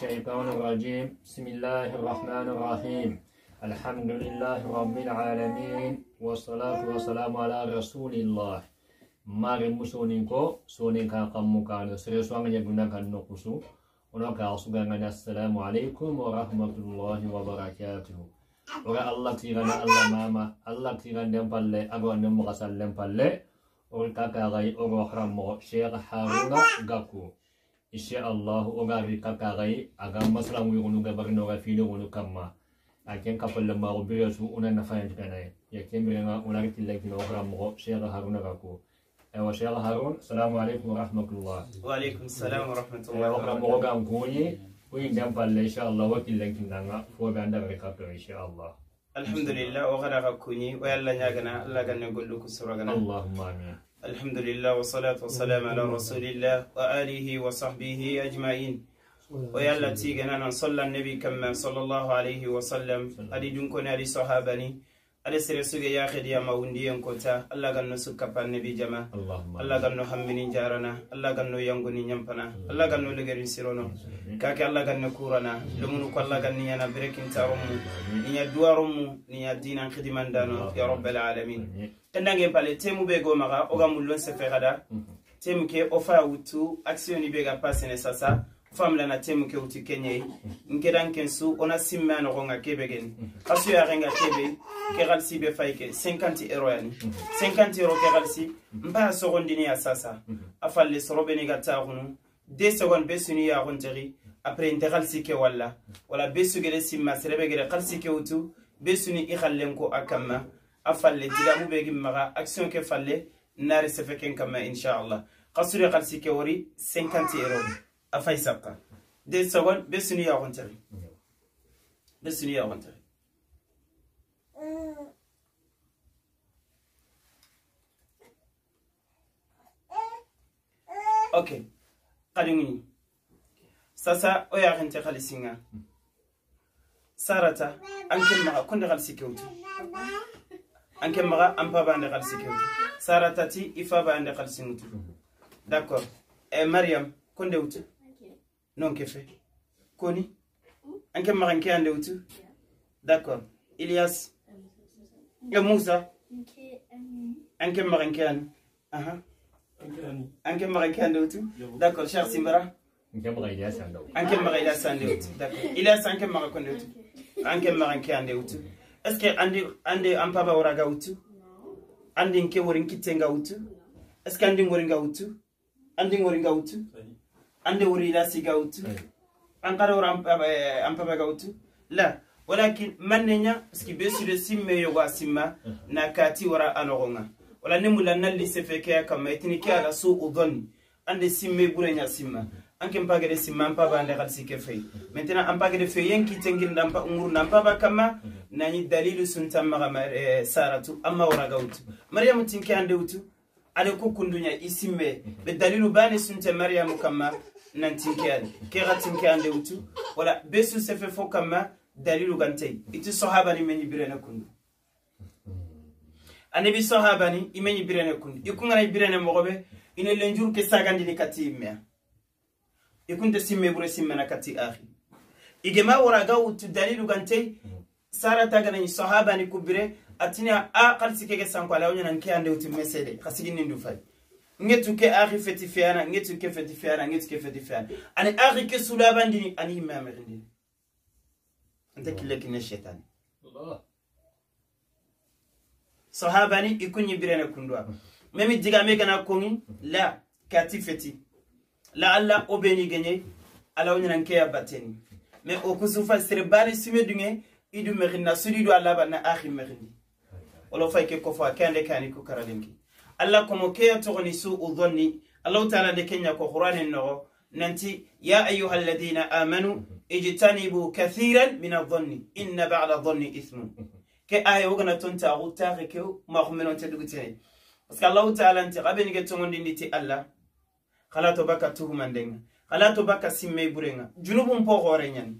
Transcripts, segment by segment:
الشيطان الرجيم بسم الله الرحمن الرحيم الحمد لله رب العالمين والصلاة والسلام على رسول الله mare musoninko sonenka kammukano sere swanga yagunaka nokusu onoka asugangani assalamu alaikum warahmatullahi wabarakatuhu ora allah tirana allah mama allah tiranden palle agonde mukasallen palle ori kakagai oro haranmogo sheikh haruna gaku ان شاء الله اوغا ريكا كاغي اغا مسلا مو يغنو غبرنو غفيلو غنو كما لكن كفل لما غبيرسو انا نفاين تناي يكين بينا انا ريت لك نو غرام مو شيخ هارون غاكو ايوا شيخ هارون السلام عليكم ورحمه الله وعليكم السلام ورحمه الله وغرام أيوة، مو غام كوني وين دام بال ان شاء الله وكيل لك نغا فو بان دام ريكا ان شاء الله الحمد لله وغرا غاكوني ويلا نياغنا الله غنقول لكم سورغنا اللهم امين الحمد لله والصلاة والسلام على رسول الله وآله وصحبه أجمعين ويا التي جنانا صلى النبي كما صلى الله عليه وسلم أدي دنكون أدي صحابني أدي سرسوغي ياخد يا موندي ينكوتا الله غنو سكبا النبي جما الله غنو همني جارنا الله غنو ينغني نيمبنا الله جنو لجرين سرنا كاك الله جنو كورنا لمنو كل الله غنو ينا بريكين تارومو نيا دوارمو نيا دينا خدمان دانو يا رب العالمين endangen pale temu be go maga oga mm-hmm. mullon seferada mm-hmm. temu ke o faya wuttu action ni be ga pasene sasa famlana temu ke wuti kenyei mm-hmm. nkedan ken su ona simme a nogonga kebe geni kasu yarenga kebe ke galisi be fay ke 50 euro yani 50 euro ke galisi mbaya sogondini ya sasa a falle soro beni ga taxunu de segon be suni yaxontexi après nte galisi ke walla wala be sugede simma serebe gede galisi ke wutu be suni i xallen ko a kanma أفعل تدامو بيجي مغا أكسيون كفعل نار سفكين كما إن شاء الله قصري قلسي كوري 50 إيرو أفاي سبقا دي سوال بسني يا غنتري بسني يا غنتري أوكي قليني ساسا أويا غنتي قلسينا سارة أنت مغا كن غلسي كوتي anke maga ampa ba khalsi ke sara tati ifa ba khalsi ngutu d'accord eh mariam konde utu non kefe koni anke maga anke ande utu d'accord ilias ya eh, musa anke maga anke ande aha anke maga anke ande utu d'accord cher simbara anke maga ilias ande utu anke maga ilias d'accord ilias anke maga konde utu anke maga anke ande utu est ce que andi andi ampaba oraga utu andi nke wori nkitenga utu est ce que andi ngori nga utu andi ngori nga utu andi wori lasi ga utu ankara wora ampaba ampaba ga utu la walakin mannenya parce que besure simme yoga asimma na kati wara anogonga wala ne mula nalli sefekeya kamma itini ke ala su udhoni ande simme nya simma anke mpagede simma mpaba ande kadisi ke fey maintenant ampagede fey yen kitengirinda ngurunda mpaba kama nani dalilu sunta maga eh, saratu amma waraga utu maryamu tinke ande utu ale ko kundunya isimbe be dalilu bani sunta maryamu kama nan tinke ande ke tinke ande utu wala besu sefe fo kama dalilu gante itu sahaba ni menyi birene kundu anabi sahaba ni imenyi birene kundu ikungana birene mogobe ine lenjur ke sagandi ni katimya ikunte simme bure simme na kati akhi igema waraga utu dalilu gante sara taga taganañi sahabani kubire atina a ah, xalsi keke sanko wo ñanan ke ande uti mesede xa siginnin du fay ngetu ke axi feti fiana ngetu ke feti fiana ngetu ke feti fiana ani akhi ke sulabandini ani yimme amexindini anta kille kine shetani sahabani ikunyi kun ñibirene kunduwa memi digame na kongi la kati feti la alla obeni beni ala wo ñanan keya batteni mais o kusufa sere bani sime dunge idu mexinna siridu alla banna axi mexindi wala fay ke kofa kande kani ku karalenki alla komo keya togoni suu dhanni allahu taala de kenya ko qur'anin nogo nanti ya ayuha alladina amanu ijtanibu kathiran min adhanni inna bada dhanni ithmun ke aya wogana tontaxu taxi ke maxumenonte dugutene parce que allahu taala nti xabenige togondinditi alla xala to baka tuhumandenga xala to baka simmei burenga junubun po xoore ñani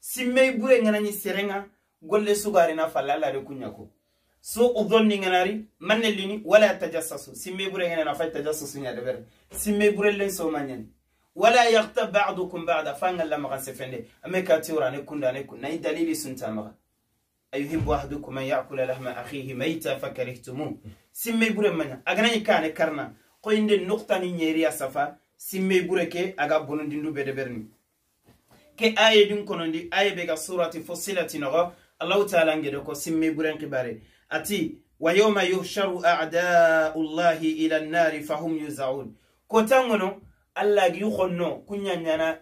simmey bure nganani serenga golle sugarina falla alare kuñako سوء الظن نغناري من اللي ولا تجسسوا سمي بري هنا نفاي تجسسوا يا دبر سمي بري لين سو مانين ولا يغتب بعضكم بعض فان لما غسفند اما كاتورا نكون نكون ناي دليل سنتامغا ايهب احدكم ان ياكل لحم اخيه ميتا فكرهتموه سمي بري من اغناني كان كرنا قوين نقطه نيريا صفا سمي بري كي اغا بونندو بدبرني ke aye dun konondi aye be ga surati fusilati nogo allahu taala ngedo ko simmi buren kibare ati wa yawma yuhsharu a'da'u llahi ila an-nari fahum yuzaun ko tangono allah gi khonno kunyanyana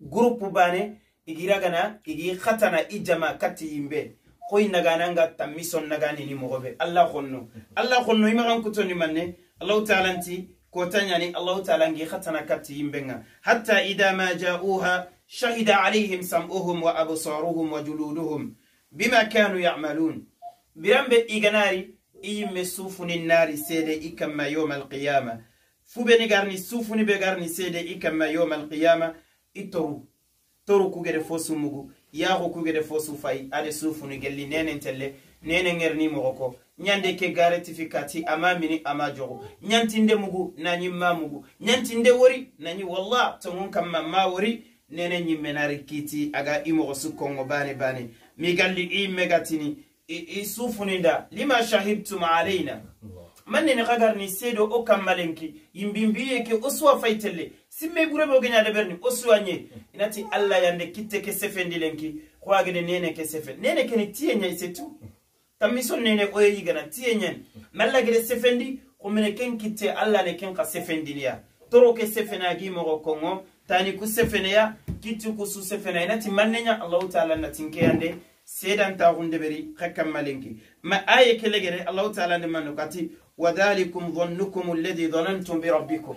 groupe bane igiragana igi khatana ijama kati imbe koy nagananga tammison naganini mogobe allah khonno allah khonno imagan kutoni manne allahu taala nti ko tanyani allahu taala ngi khatana kati imbenga hatta idha ma ja'uha شهد عليهم سمعهم وأبصارهم وجلودهم بما كانوا يعملون برمب إيغناري إيم سوفن النار سيدة إكما يوم القيامة فبني غارني سوفن بغارني سيدة إكما يوم القيامة إترو ترو كوغير فوسو مغو ياغو كوغير فوسو فاي أدي سوفن جلي نينن تلي نينن غرني مغوكو nyande ke garetifi kati ama mini ama jogo nyantinde mugu nanyi ma mugu nyantinde wori nanyi wallah tongon kamma ma wori nene ñimmenari kiti aga i mogo su kongo bane bane migalli i gatini i sufuninda lima shahidtum alaina man nene ni sedo o kammalenki yimbimbiye ke o suwa faytelle simme ɓurebe o geña deɓerni o nye inati alla yande kitte ke kwa xoagene nene ke sefen nene ke kene tiye nye c'est tout tammi nene oye yigana tiye nye malla gede sefendi xumene ken kitte alla ne ken xa sefendiniya toro ke sefenagi moxo kongo tani ku sefeneya kitti ku su sefeneyna ti mannenya allahu taala natin keyande seedan taaxunde beri xa kammalenki ma aye kelegere allahu taala nde manno kati wadhalikum dhannukum alladi dhanantum birabbikum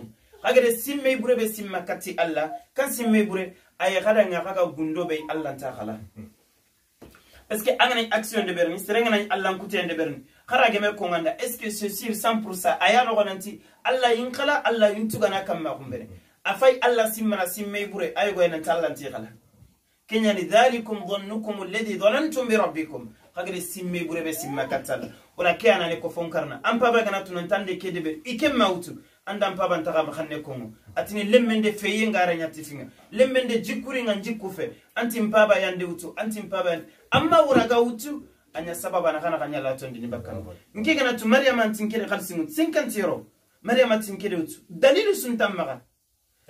de simmey bure be simma katti allah kan simmey bure aye xadanga xaga gundo be allahnta xala parce que anganañ action de berni serenganañ allahnkuteende berni xara geme konganda est ce que c'est sûr 100 pourcent aya noxonanti allah yin xala allah yin tugana kamma xumbene afai alla simmana simmey ɓure ay goyenen tallanti kala keñani dhalikum dhannukum alladi dhanantum bi rabbikum hagede simmey ɓure ɓe simma kattalla wala ke anani ko fonkarna an paba gana tunan tande kede ɓe iken mawtu andan paban tagama hanne kongo atini lemmende feye ngara ñattifinga lemmende jikkuringa jikku fe antin paba yande wutu antin paba yande amma wuraga wutu anya sababa na kana kanya la tondi ni bakkan nke gana tu maryama antin kede khalsingu 50 euro maryama tin kede wutu dalilu sun tammaga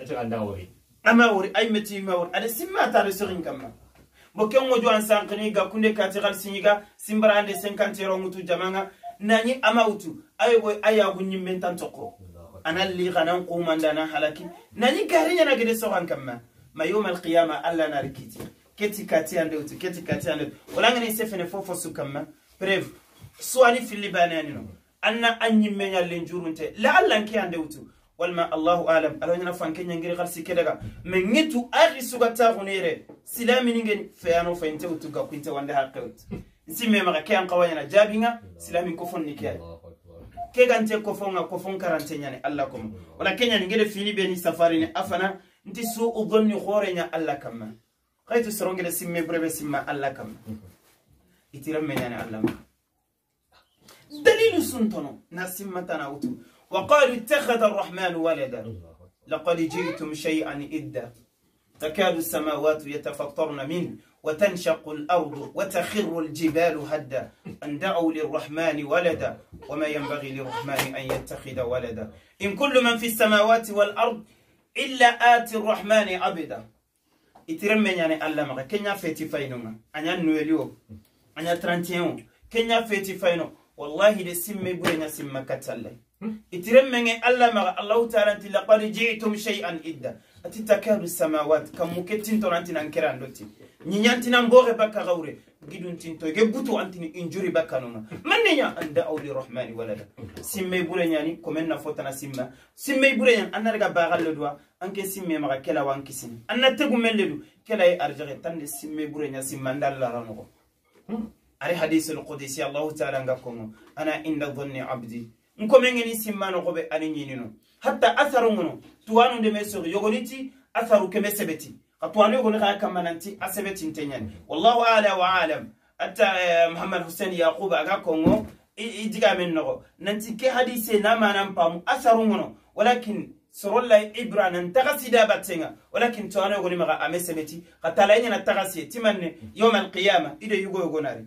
ataganda wori ama wori ay meti ma wori ada simma tare sorin kamma bo kengo jo an sankini ga kunde kati gal siniga simbara ande 50 euro mutu jamanga nani ama utu ay boy aya gunni men tan tokko anan li ganan qumandana halaki nani garinya na gede soran kamma ma yawm al qiyama alla narikiti keti kati ande utu keti kati ande walangani sefene fofo su kamma bref suani filibanani no anna anyi menya lenjurunte la alla nke ande utu walma allahu alam ala ñana fanke nyangire ñangiri xar men ngitu ari ŋitu ta sugataxunere silami ninge feyano fayinte wutugga kuinte wande xa simme nsi memaxa ke an xawañana jaabinga silamin kofonni ke ay ke gante kofonga kofon karante nyane allah koma wala kenya ningire fini beni safari ni afana nti suu donni nya allah kamma xaytu sorongede simme brebe simma allah kamma itiram menane allah ma dalilu suntono na simmatana wutu وقالوا اتخذ الرحمن ولدا لقد جئتم شيئا إدا تكاد السماوات يتفطرن منه وتنشق الأرض وتخر الجبال هدا أن دعوا للرحمن ولدا وما ينبغي للرحمن أن يتخذ ولدا إن كل من في السماوات والأرض إلا آتي الرحمن عبدا itiremen يعني alla maga kenya feti fayno ma anya nuelio anya 31 kenya feti fayno wallahi de simme bure itiren menge alla maga allahu taala nti laqad ji'tum shay'an idda ati takadu samawat kam muke tinton anti nan kera ndoti ñiñanti nan boxe bakka gawre gidun tinto ge butu antini injuri bakka nona manne ña an da'aw lirahmani walada simme bure ñani komen na fotana simma simme bure ñan an narga baxal le duwa anke simme maxa kela wan kisini an na tegu men le du kela ye arjaxe tan de simme bure ña simma ndal lara noxo ari hadisul qudsi allahu taala nga kongo ana inda dhanni abdi nkomengeni simmanogoɓe ani ñinino hatta atharu ngono tuwanu ndeme sori yogoniti atharu keme sebeti ka tuwanu yogoni xaya kamma nanti a sebetinte ñani wallahu ala wa alam hatta mohamad husain yaquba aga kongo i digamen noxo nanti ke hadise na manan paamu atharu ngono walakin sorolla ibra nan tagasida battenga walakin tuwanu yogoni maxa ame sebeti xa talayiñana tagasiye timanne yowma alqiyama ide yugo yogonari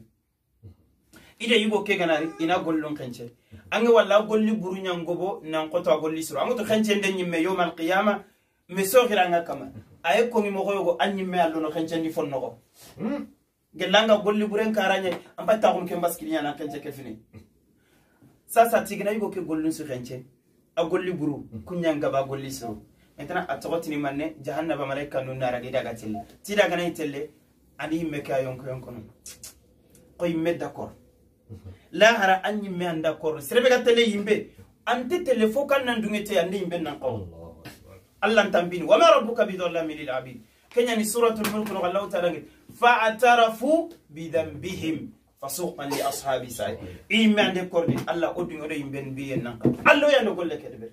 ide yugo ke ganari ina gollon xence ange walla golli buru ñangobo nan koto a golli siro angoto xencende ñimme yowma alqiyama mi soxiranga kama aye kongi moxoyogo a ñimme a lono xencendi fonnoxo hmm? gellanga golli buren karañayi an battaxum ke mbaskiliñana xence ke fini sasa tigina yugo ke gollun su xence a golli buru kuñangaba golli siro maintenant a toxotini manne jahannaba malaika nu narage idaga telle tidaganayi telle ani yimme ke a yonkoyonkono ko yimme d' accord lahara an yimme anda korro serebe ga tele yimbe ante tele fo kan nan dungete ande yimbe nan qaw allah tambini wama rabbuka bidallamin lil abid kenya ni suratul mulk no allah ta'ala ngi fa atarafu bi dhanbihim fasuqan li ashabi sa'i imme ande korni allah o dungo do yimbe biye nan qaw allah ya no golle kedbe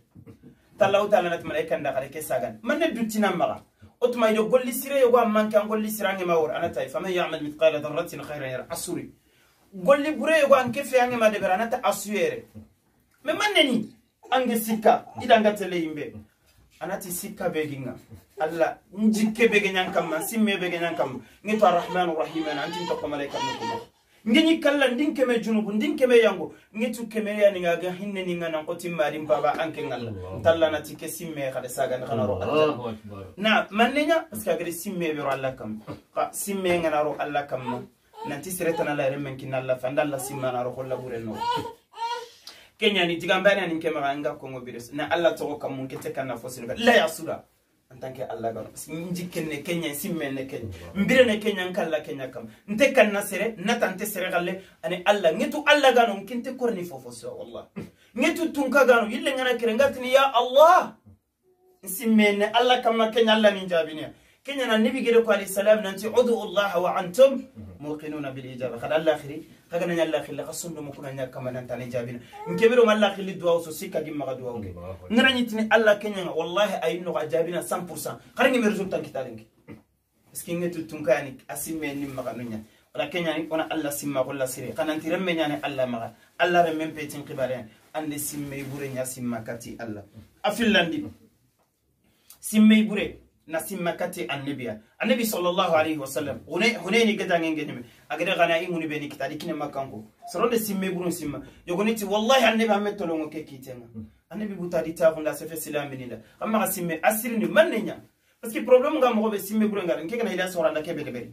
talaw ta'ala nat malaika nda kare ke sagan manne dutina maga otuma ido golli sire yogo amman kan golli sirange mawor anata fa man ya'mal mithqala dharratin khayran yara asuri golli bureyego anke feyangema debera anata asuyere me manneni ange sikka idanga tele yimɓe anati sikka beginga allah jikke bege ñan simme bege ñan kamma to arrahmanu rahim ana antin tokko malay kamne kuma ngeñi kalla ndin keme junubu ndin keme yango ngetu keme yaniga ga hinne hinneninga nan ko timmadin baba anke ngalla talla nati ke simme de saga xana ro allah na manneña parce que agede simme ɓe ro allah kam xa simme ngana ro allah kam nanti sereta na la yɛrɛ mɛn kina la fɛ an da lasi mana rɔkɔ labure nɔ kenya ni tiga na ni kema anga kongo bires na Allah toko kamun kamunkete na fosini ba la yasura antanke Allah gano nji kene kenya simme ne kenya mbire ne kenya nkalla kenya kam nteka na sere natante sere gale ani Allah ngetu Allah gano non kore ni fofosi wa Allah ngetu tunka gano yile ngana kire ngatni ya allah simme ne Allah kama kenya alla min jabinia كنا النبي قال عليه السلام ننتي عدو الله وأنتم موقنون بالإجابة خل الله خري خلنا نلا خل خصنا مكنا نلا كمان أنت نجابنا نكبروا ما الله خير الدعاء وسوسيك جم ما قدوا وجه نرني تني الله كنا والله أينو عجابنا 100% خلنا نمرزوم تنكتالنك سكينة تتنكانك أسمين ما قنونيا ولكن يعني أنا الله سما كل سري قنا ننتي رمي يعني الله ما الله رمي بيتين قبارين أن سما يبورين يا سما كتي الله أفلان دي سما nasimma kati annabiya annabi sallallahu alaihi wasallam hune hune ni gada ngenge ni agada gana imu ni beni kitadi kine makango soronde simme burun simma yogoni ti wallahi annabi amme tolongo ke kitenga annabi butadi ta gonda sefe silamini da amma simme asirni mannenya parce que problème nga mo be simme burun ngara ngeke na ila soranda ke bele bele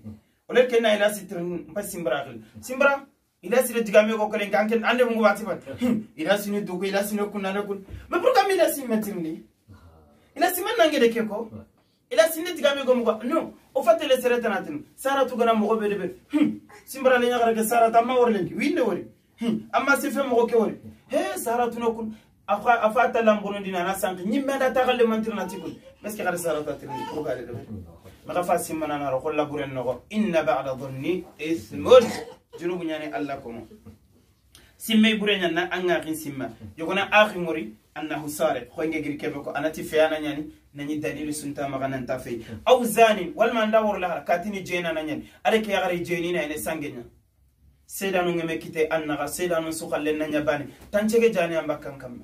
ole ke na ila sitrin mpa simbra khil simbra ila sire digame ko kelen kanke ande mungu wati bat ila sine duko ila sine kunana kun mais pourquoi ila simme tirni ila simme nangede ke ko ila sini tiga mi gomu kwa no o fatte le sere tanatin sara tu gana mo be be hm simbara le nyagara ke sara tamma worlen ki winde wori hm amma se fe mo ke wori he sara tu no kun akwa afata lambono dina na sanki nyimbe da tagalle mantirna tikul meske gara sara ta tirni ko gale de maka fa simmana na ro kolla buren no inna ba'da dhanni ismun junubu nyane alla kono simme bure ñanna an ŋaxin simma yogona axi ŋori annahu sare xoyenge giri kebe ko anati feyana ñani nañi dalilu sunta maxa nanta fey aw zanin walma nda worlaxara katini jenana ñani ada ke yaxari jenina ene sange ña sedanu ŋeme kite an naxa sedanu suxallen na ñabane tancege jani an bakkan kamma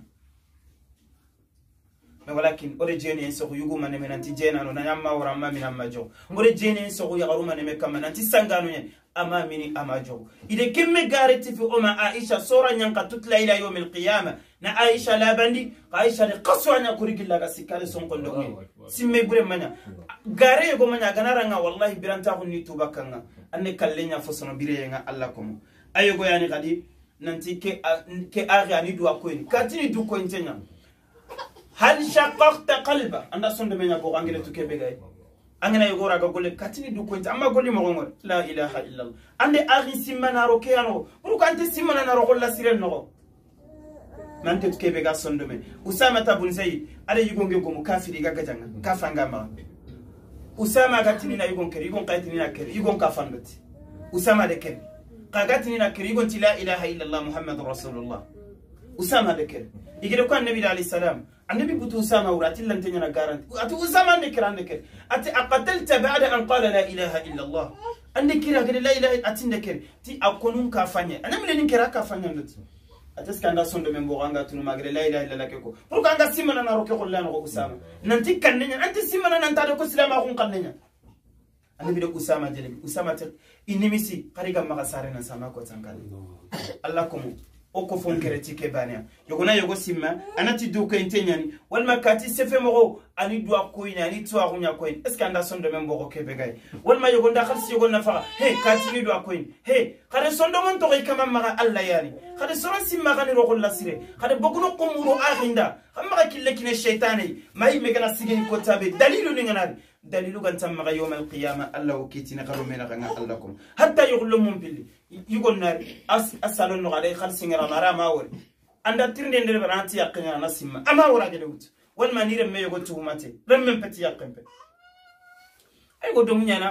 walakin ore jeni en sogo yugu maneme nanti jenano nanyamma wara amma min amma jogo ore jeni en sogo yagaru maneme kamma nanti sangano ye ama mini ama jogo ide kemme gareti fi oma aisha sora nyanka tutla ila yawm alqiyama na aisha labandi ka aisha de qaswa nya kuri gilla ga sikale son kondo ngi simme bure manya gare go manya ganaranga wallahi biranta hunni tubakanga anne kallenya fosono bire yenga alla komo ayogo yani kadi nanti ke ke ari ani duwa koyni katini du koyntenya هل شققت قلبه أنا سند من يقول أنجلي تكيب جاي أنجلي يقول راجع قولي كاتني دو كوينت أما قولي ما قمر لا إله إلا الله عند أغني سمنا روكي أنا بروك أنت سمنا نروح الله سيرنا نو ما أنت تكيب جاي سند من وسام تابون زي على يقون يقوم كافر يجا جان كافن جمع وسام كاتني نا يقون كري يقون كاتني نا كري يقون كافن بتي وسام ذكر كاتني نا كري يقون تلا إله إلا الله محمد رسول الله وسامه ذكر يقولوا لك النبي عليه السلام النبي بتو أسامة ورأت لن تجينا قارن أتو أسامة نكر نكر أتي أقتلت بعد أن قال لا إله إلا الله النكر قال لا إله أتي نكر تي أكونون كافنيا أنا ملين نكر كافنيا نت أتس كان داسون دم بوغانغا تنو مغري لا إله إلا الله كيكو برو كان داسيم أنا نروك يقول لا نروك أسامة ننتي كان أنت سيم أنا ننتارك أسلام أكون كان نيا النبي أسامة جلبي أسامة تك إنمي قريبا ما غسارين أسامة كوتان الله كمو o ko fon kɛrɛ ti kɛ baniya yogona yogo simma ana ti duw kɛyin kati sefe mɔgɔ ani duwa koyin ani tuwa kunya koyin est ce que an da sɔn dɔmɛ mɔgɔ kɛ bɛ yoko ye walima yoko da halisi he kati ni duwa koyin he kade sɔn mon to i kama maga alla yani kade sɔrɔ si maga ni rɔgɔ lasire boko no komuro ahinda ka maga kille kine shaitane mayi megana sigin ko tabe dalilu ni ngana دليل كان تم يوم القيامة الله وكيتين غرو من غنا لكم حتى يغلو من بلي يقول نار أس أسألون نغالي خلصين رمارا ما وري عند ترني ندير برانتي يقين أنا سما أما ورا جلوت والما نير ما يقول تهمتي رمم بتي يقين بي أي قد منينا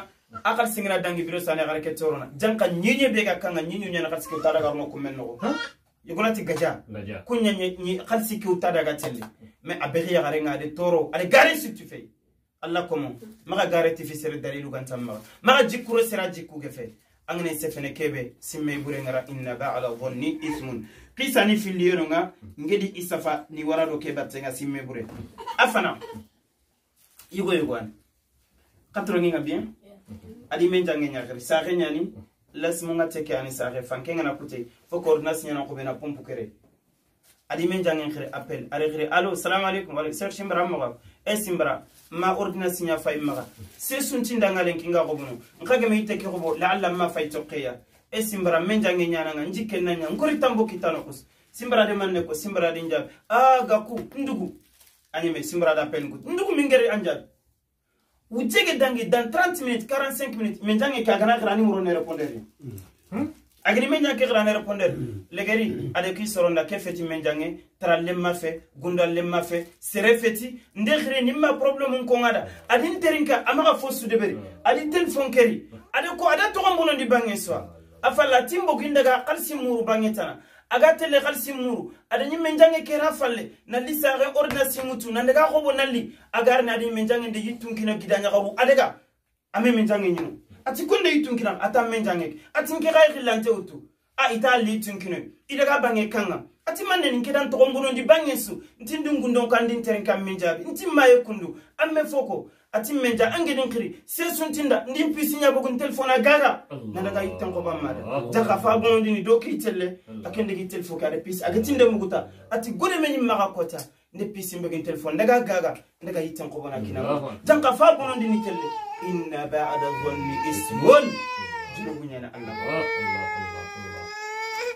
akal singira dangi biro sane akal ketorona janka nyinyi bega kanga nyinyi nyana akal sikio tada garuno kumenno ko yugona ti gaja kunya nyi akal sikio tada gatelle me abegi ya garenga de toro ale gare si tu fais alla komo maga gareti fi sere dalilu gantan maga maga jikuro sera jikku gefe angne sefene kebe simme bure ngara inna ba'ala dhanni ismun fi filliyeno nga ngedi isafa ni warado ke battenga simme bure afana yugo yugoan katro nga bien adi men jange nyagri saxe nyani lasmu nga teke ani saxe fanke nga na kute fo coordination nyana ko bena pompu kere adi men jange ngere appel are ngere allo salam alaikum wa alaikum sir shimbram esimbra ma ordination ya fay maga se sunti ndangalen kinga ko bunu nkage me iteke ko bo la ma fay toqiya esimbra menjange nyana nga njike nanya ngori tambo kitano kus simbra de manne ko simbra de njab a gaku ndugu anyeme simbra da pen gut ndugu mingere anjab ujege dangi dans 30 minutes 45 minutes menjange kagana grani muro ne répondre mm agri men ñake xirane reponder hmm. legeri ade ki soronda ke feti men jange tara lemma fe gunda lemma fe sere feti nde xire nimma problème ko ngada adin terinka amaga fo sudeberi adi hmm. telephone keri ade ko ada toxonbonondi bange soa afalla timbogindaga xalsi muru bange tana aga tele xalsi muru ada ñimme jange kera falle nalli saxe ordinasi ŋutu nandega xobo nalli agarne adi ñimme jange yittunkino gidañaxaru adega ame men jange ñinu ati kunde yu tun kinam ata menjange ati nke kai kila nte utu a ita li tun kinu ile ka bange kanga ati mane ni kedan to ngundo ndi bange su nti ndungu ndo kan din teren kam menja nti maye kundu amme foko ati menja ange din kri se sun tinda ndi pisi nya bugun telefona gara nana ga yitan ko ba mare ta ka fa bon ndi do ki telle akende ki telefo ka de pisi akende mu guta ati gure meni maga kota nde pisimɓegen tel fo ndaga gaga ndaga yitten koɓona kinaa janka fa bononde ni telle inna bada zonni ismun junuguñana allah ah,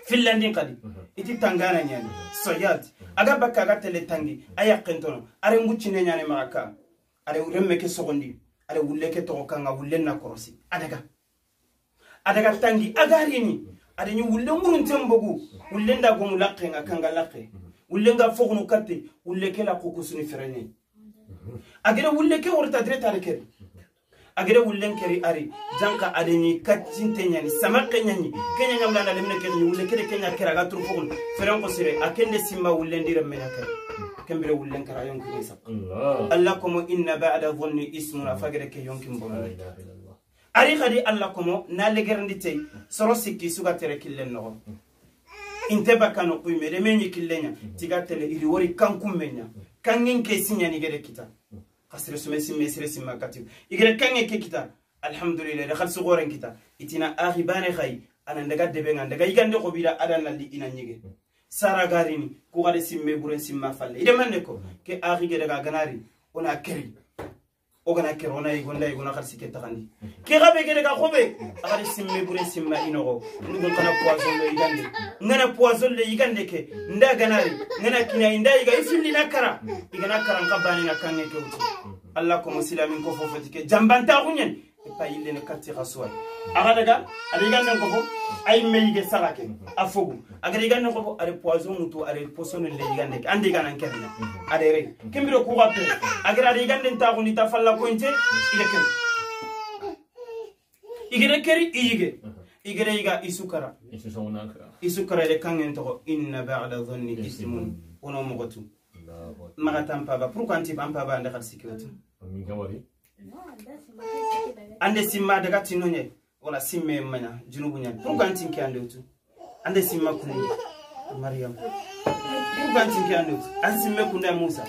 fillandin kadi mhm. iti tangana ñani mhm. soyat mhm. aga bakka aga telle tangi a yakkentono are nguccine ñane maxa ka are remme ke sogondi are wulle ke toxo kanga wullen na korosi adaga adaga tangi agarini adañi wulle ngurunten bogu wullen da gomu laqenga kanga laqe ulenga fognu katte ulleke la kokusuni ferene agere ulleke worta dire tarekeri agere wullen keri ari janka adeni kattin tenyani sama kenyani kenya nyamla na lemne keri wulle kere kenya kera ga turu fogun feren ko sire akende simma wullen dire mena keri kembere wullen kara yonki ni sab allah komo inna ba'da dhanni ismun hmm. afagere ke yonki mbono ari khadi allah na legerndi soro sikki suga tere killen nogo hmm. inteba kano kuime remenyi killenya tigatele iri wori kankumenya kangen ke sinya ni gere kita kasire sume simme sire simma katib igere kangen ke kita alhamdulillah khal sugoran kita itina akhi bane khay anan daga debe ngan daga igande ko bida adan ina nyige sara garini ko gade simme buren falle ide ko ke akhi gere ona keri o kana kerona igona igona xar sike taxandi ke xa ɓe kene ka xoɓe axari simme bure simma inoxo ndugun xana poison le yigande ngana poison le yigande ke nda ganari ngana kinayi nda yiga i fillina kara igana karan xa banena kange ke wuti allah komo silamin ko fofoti ke jambantaxuñen ta yillene kattira suwan axa daga aɗa yigannen ko ay meyige sarake afogu a fogu agada are ko muto are poison ŋutu aɗa posone le yiganne ke ande yiganan kerna aɗa re kembiro kuxa pe agada aɗa yigannen taxuni ta falla koynte ida keri igede keri i yige igede yiga i sukara kangen to inna bada dhanni ismun wono moxotu maxa tan paba pourquoi antib an paba ande xad ande simma daga tino nye wala simme mana junubu nye pour kan tinki ande utu ande simma kunde mariam pour kan tinki ande utu an simme kunde musa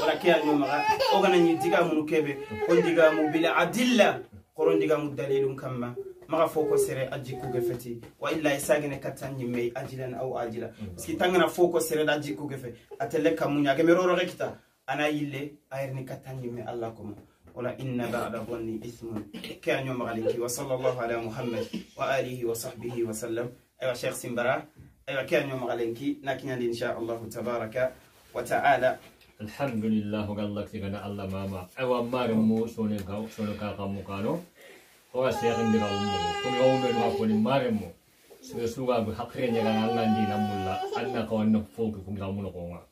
wala ke anyo maga o kana nyi diga munu kebe on diga mu bil adilla qoron diga mu dalilun kamma maga fo ko sere aji kuge feti wa illa isagene katan nyimme ajilan aw ajila parce que tangana fo ko sere da aji kuge fe atele kamunya gemero ro rekita ana yille ayerni katan nyimme allah kuma ولا إن بعد ظني إثم كان يوم غليك وصلى الله على محمد وآله وصحبه وسلم أيها شيخ سنبرا أيها كان يوم غليك لكن إن شاء الله تبارك وتعالى الحمد لله قال لك تغنى الله ماما أيها ما رمو سونيكا سونيكا قامو هو الشيخ اللي قامو كل يوم ما قولي ما رمو سوسوغا بحقرين يغنى نعم الله دينا مولا أنا قوانا فوق كم قامو قوانا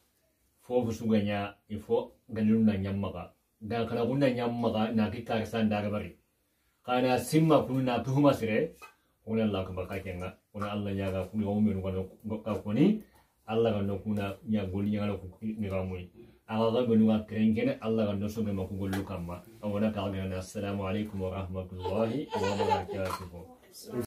فوق سوغا يا يفوق قلنا نيمغا dakara kunna nyammaga naki da bari kana simma kunu na tuhuma sire ona Allah ka baka kenga ona Allah ya ga kunu umbe nuka ka kuni Allah ga nokuna nya goli nya ku ni ga muni aga ga golu ga krengene Allah ga noso me maku golu kamma ona ka ga na assalamu alaikum wa rahmatullahi wa barakatuh